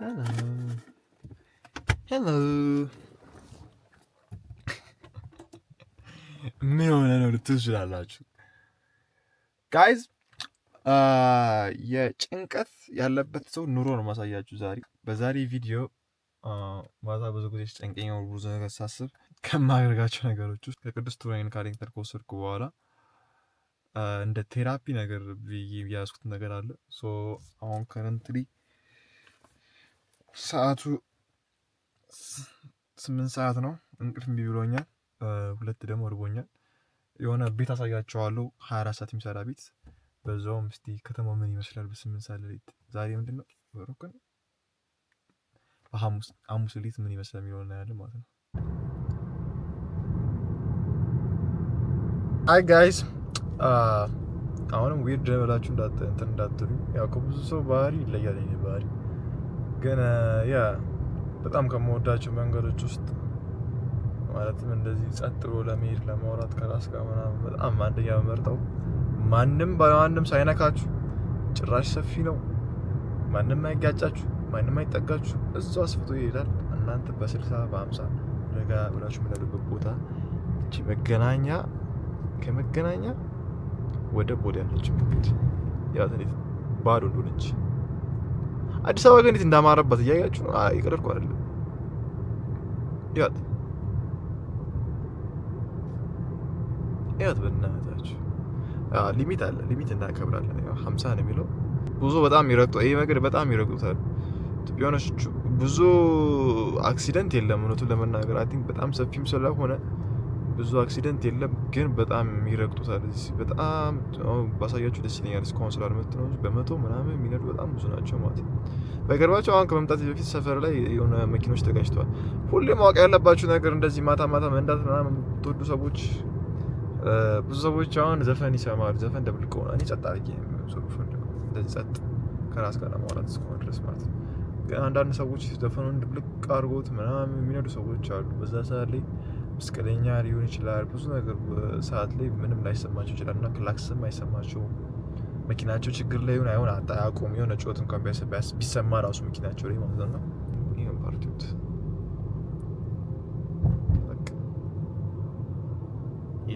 Hello. Hello. ምን ሆነ ነው ልትሉ ትችላላችሁ። ጋይዝ uh, የጭንቀት ያለበት ሰው ኑሮ ነው ማሳያችሁ ዛሬ በዛሬ ቪዲዮ uh, ማታ ብዙ ጊዜ ሲጨንቀኝ ነው ብዙ ነገር ሳስብ ከማደርጋቸው ነገሮች ውስጥ ከቅዱስ ቱራይን ካሬክተር ከወሰድኩ በኋላ uh, እንደ ቴራፒ ነገር ያዝኩት ነገር አለ። ሶ አሁን ከረንትሊ ሰዓቱ ስምንት ሰዓት ነው። እንቅልፍ እምቢ ብሎኛል። ሁለት ደግሞ እርቦኛል። የሆነ ቤት አሳያቸዋለሁ ሀያ አራት ሰዓት የሚሰራ ቤት በዛውም እስቲ ከተማው ምን ይመስላል በስምንት ሰዓት ሌሊት ዛሬ ምንድን ነው በሮክን በሐሙስ ሐሙስ ሌሊት ምን ይመስላል የሚለውን እናያለን ማለት ነው። አይ ጋይስ አሁንም ዊርድ ብላችሁ እንትን እንዳትሉ፣ ያው ከብዙ ሰው ባህሪ ይለያል የእኔ ባህሪ ግን ያ በጣም ከምወዳቸው መንገዶች ውስጥ ማለትም እንደዚህ ጸጥ ብሎ ለመሄድ ለማውራት ከራስ ጋር ምናምን በጣም አንደኛ መመርጠው ማንም በማንም ሳይነካችሁ ጭራሽ ሰፊ ነው። ማንም አይጋጫችሁ፣ ማንም አይጠጋችሁ። እሱ አስፍቶ ይሄዳል። እናንተ በስልሳ በአምሳ ረጋ ብላችሁ የምንሄዱበት ቦታ እቺ መገናኛ ከመገናኛ ወደ ቦሌ ያለች መንገድ ያው ባዶ እንደሆነች አዲስ አበባ ግን እንዴት እንዳማረባት እያያችሁ ነው። ይቅር እኮ አይደለም ያት ያት በእናታችሁ ሊሚት አለ። ሊሚት እናከብራለን። ያው 50 ነው የሚለው ብዙ በጣም ይረግጡ ይሄ ነገር በጣም ይረግጡታል። ቢሆነች ብዙ አክሲደንት የለም እውነቱን ለመናገር አይ ቲንክ በጣም ሰፊም ስለሆነ ብዙ አክሲደንት የለም፣ ግን በጣም ይረግጡታል። በጣም ባሳያችሁ ደስ ይለኛል። እስካሁን ስላልመጡ ነው። በመቶ ምናምን የሚነዱ በጣም ብዙ ናቸው ማለት ነው። በቅርባቸው አሁን ከመምጣት በፊት ሰፈር ላይ የሆነ መኪኖች ተጋጭተዋል። ሁሌ ማወቅ ያለባችሁ ነገር እንደዚህ ማታ ማታ መንዳት ምናምን የምትወዱ ሰዎች ብዙ ሰዎች አሁን ዘፈን ይሰማሉ። ዘፈን ደብልቆ ሆና እኔ ጸጥ አድርጌ እንደዚህ ጸጥ ከራስ ጋር ለማውራት እስከሆነ ድረስ ማለት ነው። ግን አንዳንድ ሰዎች ዘፈኑን ድብልቅ አድርጎት ምናምን የሚነዱ ሰዎች አሉ በዛ ሰዓት ላይ መስቀለኛ ሊሆን ይችላል። ብዙ ነገር ሰዓት ላይ ምንም ላይሰማቸው ይችላል እና ክላክስም አይሰማቸውም። መኪናቸው ችግር ላይ ሆን አይሆን አያውቁም። የሆነ ጩኸት እንኳን ቢሰማ ራሱ መኪናቸው ላይ ማለት ነው።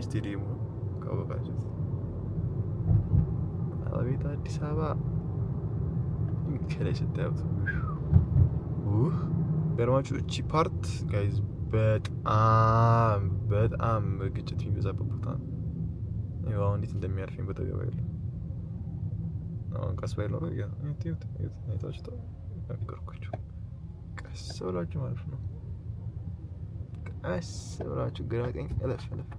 ስቴዲየሙ ነው ካወቃቸው አቤት አዲስ አበባ ከላይ ስታዩት ገርማችሁ እቺ ፓርት ጋይዝ በጣም በጣም ግጭት የሚበዛበት ቦታ ነው። ይኸው አሁን እንዴት እንደሚያርፍኝ በጠገባ የለም። አሁን ቀስ ባይለው ነው ታችተው ነገርኳቸው። ቀስ ብላችሁ ማለፍ ነው። ቀስ ብላችሁ ግራ ቀኝ እለፍ እለፍ።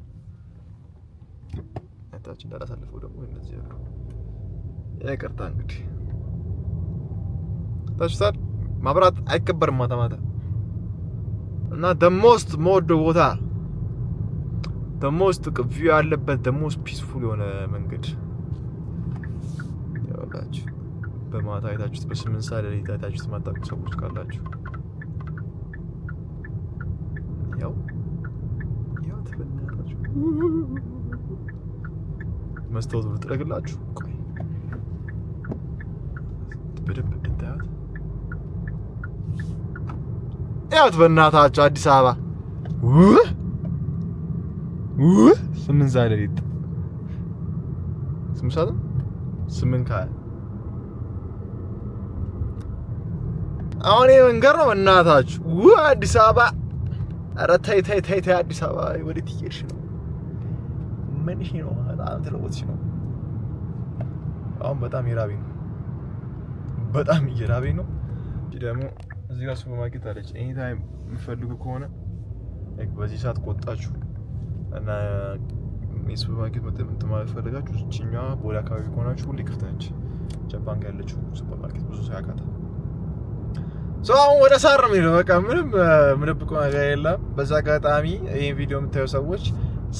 ታች እንዳላሳልፈው ደግሞ እነዚህ ያሉ ይቅርታ እንግዲህ ታችታል። ማብራት አይከበርም ማታ ማታ እና ደሞስት መወደው ቦታ ደሞስት ቪው ያለበት ደሞስት ፒስፉል የሆነ መንገድ ያወላችሁ በማታ አይታችሁት በስምንት ሰዓት ለሊት አይታችሁት ማታውቁ ሰዎች ካላችሁ ያው ያው ተፈናላችሁ መስታወት ብትረግላችሁ ቆይ በደንብ እንድታያት ያት በእናታችሁ አዲስ አበባ ስምንት ሰዓት ሌሊት ስምንት ሰዓት ስምንት ከሀያ አሁን ይሄ መንገድ ነው። በእናታችሁ አዲስ አበባ ኧረ ተይ ተይ ተይ ተይ አዲስ አበባ ወዴት እየሄድሽ ነው? ምን ይሄ ነው? በጣም ትለወጥሽ ነው። አሁን በጣም የራቤ ነው። በጣም እየራቤ ነው ደግሞ እዚህ ጋር ሱፐር ማርኬት አለች። ኤኒ ታይም የምፈልጉ ከሆነ በዚህ ሰዓት ቆጣችሁ እና የሱፐር ማርኬት እንትን ማለት ፈልጋችሁ እችኛ ቦሌ አካባቢ ከሆናችሁ ሁሌ ክፍት ነች። ጃፓን ጋር ያለችው ሱፐር ማርኬት ብዙ ሰው ያውቃታል። ሰው አሁን ወደ ሳር ነው የሚለው። በቃ ምንም ምንብቆ ነገር የለም። በዛ አጋጣሚ ይህን ቪዲዮ የምታዩ ሰዎች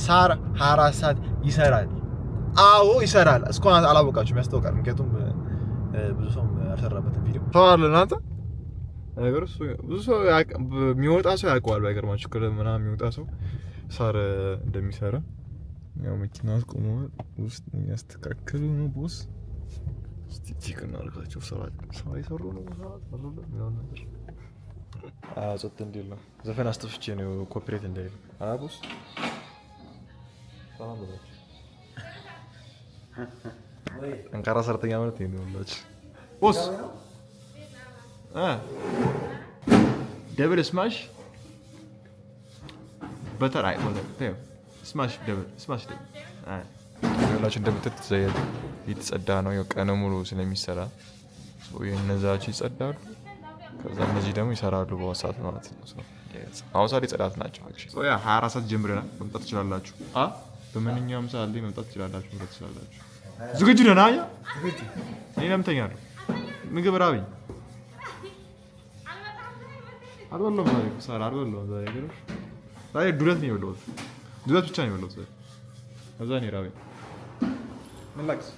ሳር ሀያ አራት ሰዓት ይሰራል። አዎ ይሰራል። እስካሁን አላወቃችሁም፣ ያስታውቃል። ምክንያቱም ብዙ ሰው አልሰራበትም ቪዲዮ ሰው አለ እናንተ ነገር እሱ ብዙ ሰው የሚወጣ ሰው ያውቀዋል። ባይገርማችሁ ክለብ ምናምን የሚወጣ ሰው ሳር እንደሚሰራ ያው መኪና አስቆመዋል። ውስጥ የሚያስተካክሉ ነው ቦስ እስቲ ቼክ እናድርጋቸው። ስራ ስራ የሰሩ ነው ሰሩ ሚሆን ነገር ጸጥ እንዲል ነው። ዘፈን አስጥፍቼ ነው ኮፒሬት እንዳይል አቦስ ጠንካራ ሰራተኛ ማለት ነው። ሁላችሁ ቦስ ደብል ስማሽ በተር አይ በተር ስማሽ ደብል ስማሽ የተጸዳ ነው። የቀን ሙሉ ስለሚሰራ እነዛች ይጸዳሉ። ከዛ እነዚህ ደግሞ ይሰራሉ በወሳት ማለት ነው። አሁን የጸዳት ናቸው። ሀያ አራት ሰዓት ጀምረናል። መምጣት ትችላላችሁ። በማንኛውም ሰዓት ላይ መምጣት ትችላላችሁ። ምረት ትችላላችሁ። ዝግጁ ነና እኔ ምግብ ራብኝ አልበላሁም ዛሬ እኮ ሳራ አልበላሁም ዛሬ ገረሽ ዛሬ ዱለት ነው የበላሁት። ዱለት ብቻ ነው የበላሁት ዛሬ። ከዛ ነው ራበኝ። ምን ላክስ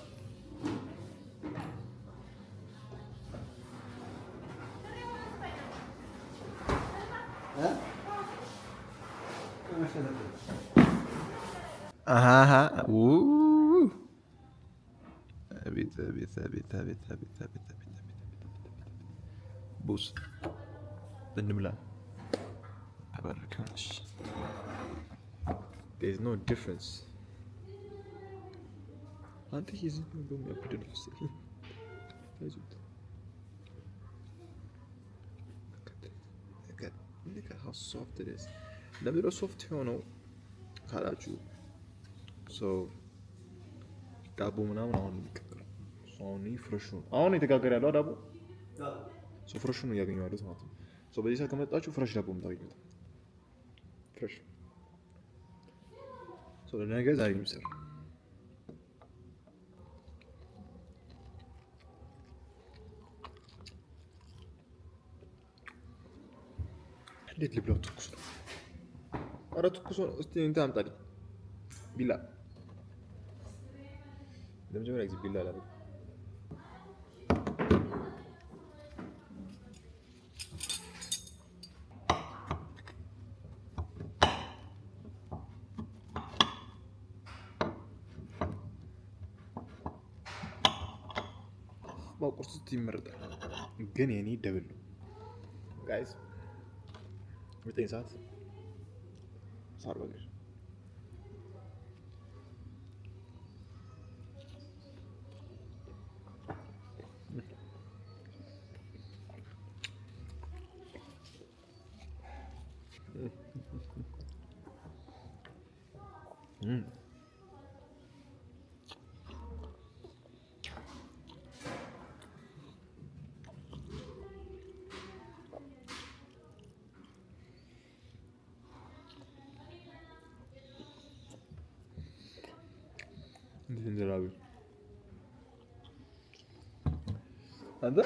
አሃ ኡ ቤት ቤት ቤት ቤት ቤት ቤት ቤት እንብላ። ኖ ዲፍረንስ አንተ ሶፍት የሆነው ካላችሁ ዳቦ ምናምን አሁን የሚቀቅለው አሁን ፍረሹ አሁን የተጋገር ያለው ዳቦ ፍረሹ ነው እያገኘዋለት ማለት ነው። So, but isakam daću fresh da bom da vidim. Fresh. So, da ne ga zaim sir. ليت tutkusu تقص أرى تقص استين تام تالي demek ده مجمع بالله لا ግን የኔ ደብል ነው ጋይስ ዘጠኝ ሰዓት ሳር በገሽ Sindir abi. አንተ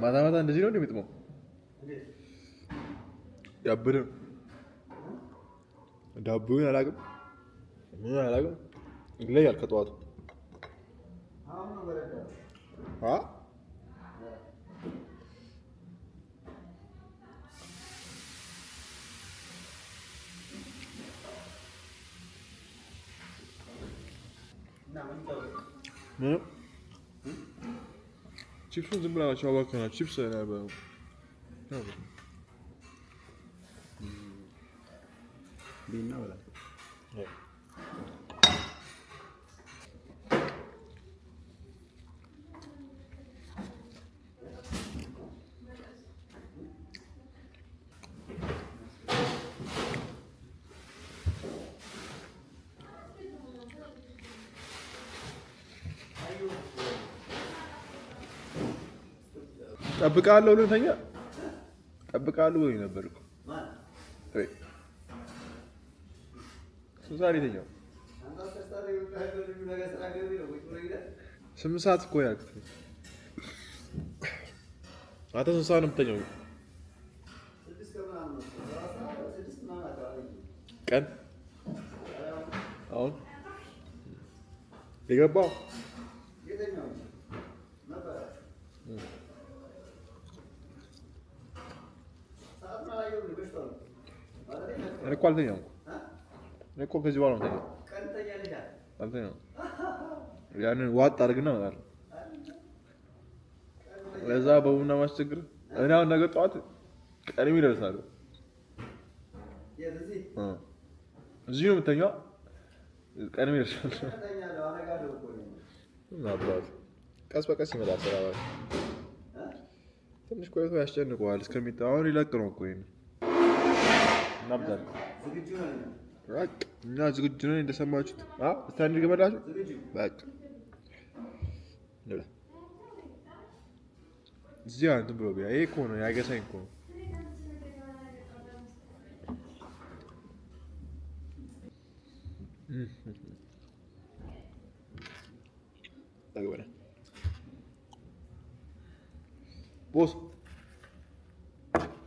ማታ ማታ እንደዚህ ነው የሚጥመው? ያብድ ዳቦውን አላውቅም፣ ምን አላውቅም፣ ይለያል ከጠዋቱ Ne? Chipsun sind bana çaba kana chips ne be. Ne? Bin ne var? ጠብቃለሁ ልንተኛ ጠብቃለሁ ወይ ነበር እኮ ዛሬ ተኛው። ስምንት ሰዓት እኮ ያልክ አንተ ስንት ሰዓት ነው ቀን አሁን የገባው እኔ እኮ አልተኛም። እኔ እኮ ከዚህ በኋላ ነው አልተኛም። ያንን ዋጥ አድርግና እመጣለሁ። ለዛ በቡና ማስቸግር እኔ አሁን ነገ ጠዋት ቀድሜ ይደርሳሉ። እዚህ ነው የምተኛው። ቀድሜ ይደርሳሉ። ቀስ በቀስ ይመጣል። ስራ ትንሽ ቆይቶ ያስጨንቀዋል። እስከሚጣ አሁን ይለቅ ነው እኮ እናብዛለን። ዝግጁ ነን። እንደሰማችሁት ስታንድ ገመዳችሁ በቃ እዚያ እንትን ብሎ ይሄ እኮ ነው ያገሳኝ እኮ ነው። ቦስ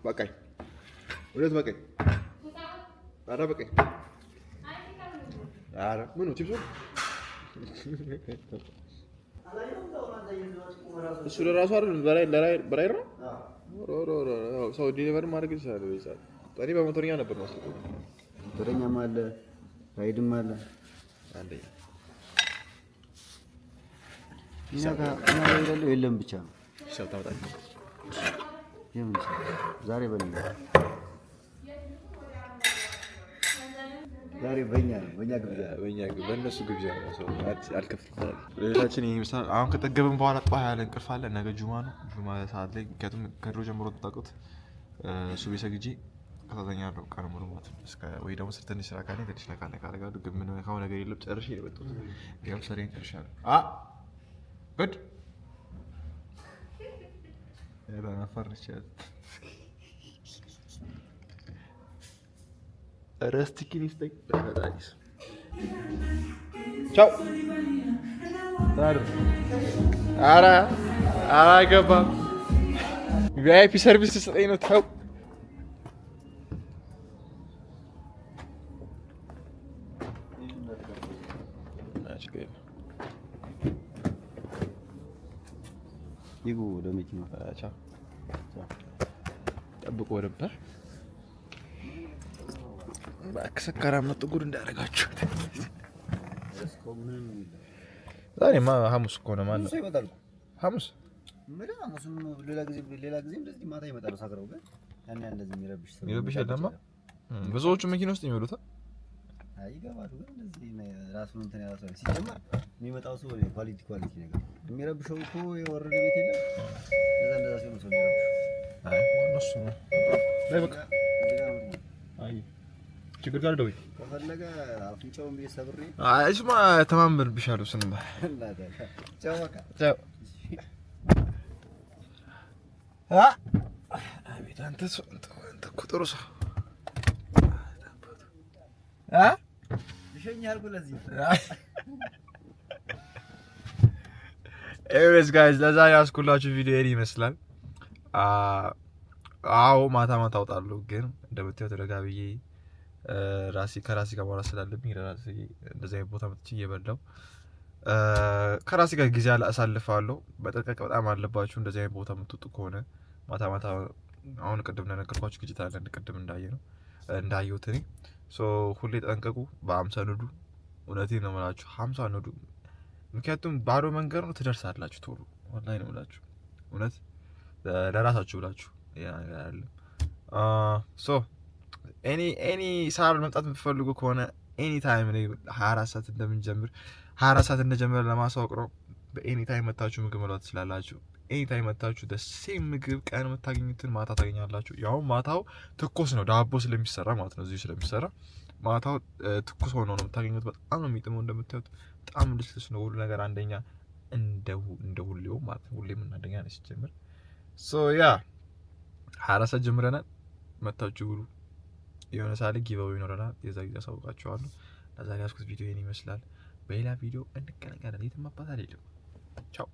በቃኝ፣ ሁለት በቃኝ። ኧረ በቃኝ። ኧረ ምኑ ቺፕሱ እሱ ለራሱ አይደለም በላይ ነው። ሰው ዲሊቨሪ ማድረግ ይችላል። እኔ በመቶኛ ነበር ማስጠ መቶኛም አለ ራይድም አለ አንደኛ የለም ብቻ ነው ዛሬ ዛሬ በእኛ ነው በእኛ ግብዣ ነው በእነሱ ግብዣ ነው። አልከፍልም። ሌላችን ይህ ምሳ አሁን ከጠገብን በኋላ ጠዋ ያለ እንቅልፍ አለ። ነገ ጁማ ነው። ጁማ ሰዓት ላይ ምክንያቱም ከድሮ ጀምሮ ተጣቁት እሱ ቤሰ ግጂ ያለው ቀን ሙሉ ማለት ወይ ደግሞ ስር ትንሽ ስራ ካለኝ ትንሽ ነካ ነካ አደርጋለሁ። ግን ምን ካሁን ነገር የለም። ጨርሼ የመጡት ያው ሰሬን ጨርሻለሁ። ጉድ ናፋር ይችላል Rastiquinistec Paradise. Chao. Tarde. Ara. Ara gaba. VIP services ain't not help. That's good. يقولوا ميتين فاتحة طبقوا ربح ሰካራም ነው ጥጉር እንዳያደርጋችሁት። ዛሬማ ሐሙስ እኮ ነው። ሐሙስ? ሌላ ጊዜ ማታ ይመጣሉ ሳክረው፣ ግን ብዙዎቹ መኪና ውስጥ የሚበሉት ይገባሉ። ግን እንደዚህ ራሱን እንትን ያለ ሰው ሲጀመር የሚመጣው ሰው ኳሊቲ ኳሊቲ ነገር የሚረብሸው እኮ የወረደ ቤት የለም። እንደዛ እንደዛ ሲሆን ሰው አይ እሱ ነው። በቃ ችግር ጋር ደውይ ከፈለገ አፍንጫውን ሰብሬ አይስማ ስንባ አቤት አንተ ሰው አንተ እኮ ጥሩ ሰው ኤሪስ ጋይዝ ያስኩላችሁ ቪዲዮ ይሄን ይመስላል። አዎ ማታ ማታ አውጣለሁ ግን እንደምታየው ራሴ ከራሴ ጋር ማውራት ስላለብኝ ለራሴ እንደዚህ ቦታ መጥቼ እየበላው ከራሴ ጋር ጊዜ አሳልፋለሁ። መጠንቀቅ በጣም አለባችሁ። እንደዚህ አይነት ቦታ የምትወጡ ከሆነ ማታ ማታ አሁን ቅድም እንደነገርኳችሁ ግጭት አለ። ቅድም እንዳየ ነው እንዳየሁት እኔ ሁሌ ጠንቀቁ። በአምሳ ንዱ እውነቴን ነው የምላችሁ፣ ሀምሳ ንዱ። ምክንያቱም ባዶ መንገድ ነው ትደርሳላችሁ። ቶሎ ኦንላይን ነው ብላችሁ እውነት ለራሳችሁ ብላችሁ ያለ ሶ ኤኒ ሳብ መምጣት የምትፈልጉ ከሆነ ኤኒ ታይም ላይ ሀያ አራት ሰዓት እንደምንጀምር ሀያ አራት ሰዓት እንደጀመረ ለማሳወቅ ነው። በኤኒ ታይም መታችሁ ምግብ መለት ትችላላችሁ። ኤኒ ታይም መታችሁ ደሴም ምግብ ቀን የምታገኙትን ማታ ታገኛላችሁ። ያው ማታው ትኩስ ነው፣ ዳቦ ስለሚሰራ ማለት ነው፣ እዚህ ስለሚሰራ ማታው ትኩስ ሆኖ ነው የምታገኙት። በጣም ነው የሚጥመው እንደምታዩት፣ በጣም ልስልስ ነው ሁሉ ነገር አንደኛ፣ እንደ ሁሌው ማለት ነው። ሁሌም እናደኛ ነው ሲጀምር ሶ ያ ሀያ አራት ሰዓት ጀምረናል። መታችሁ ብሉ የሆነ ሳል ጊበው ይኖረናል። የዛ ጊዜ አሳውቃችኋለሁ። ለዛሬ ያስኩት ቪዲዮ ይህን ይመስላል። በሌላ ቪዲዮ እንገናኛለን። የትም አባት አልሄድም። ቻው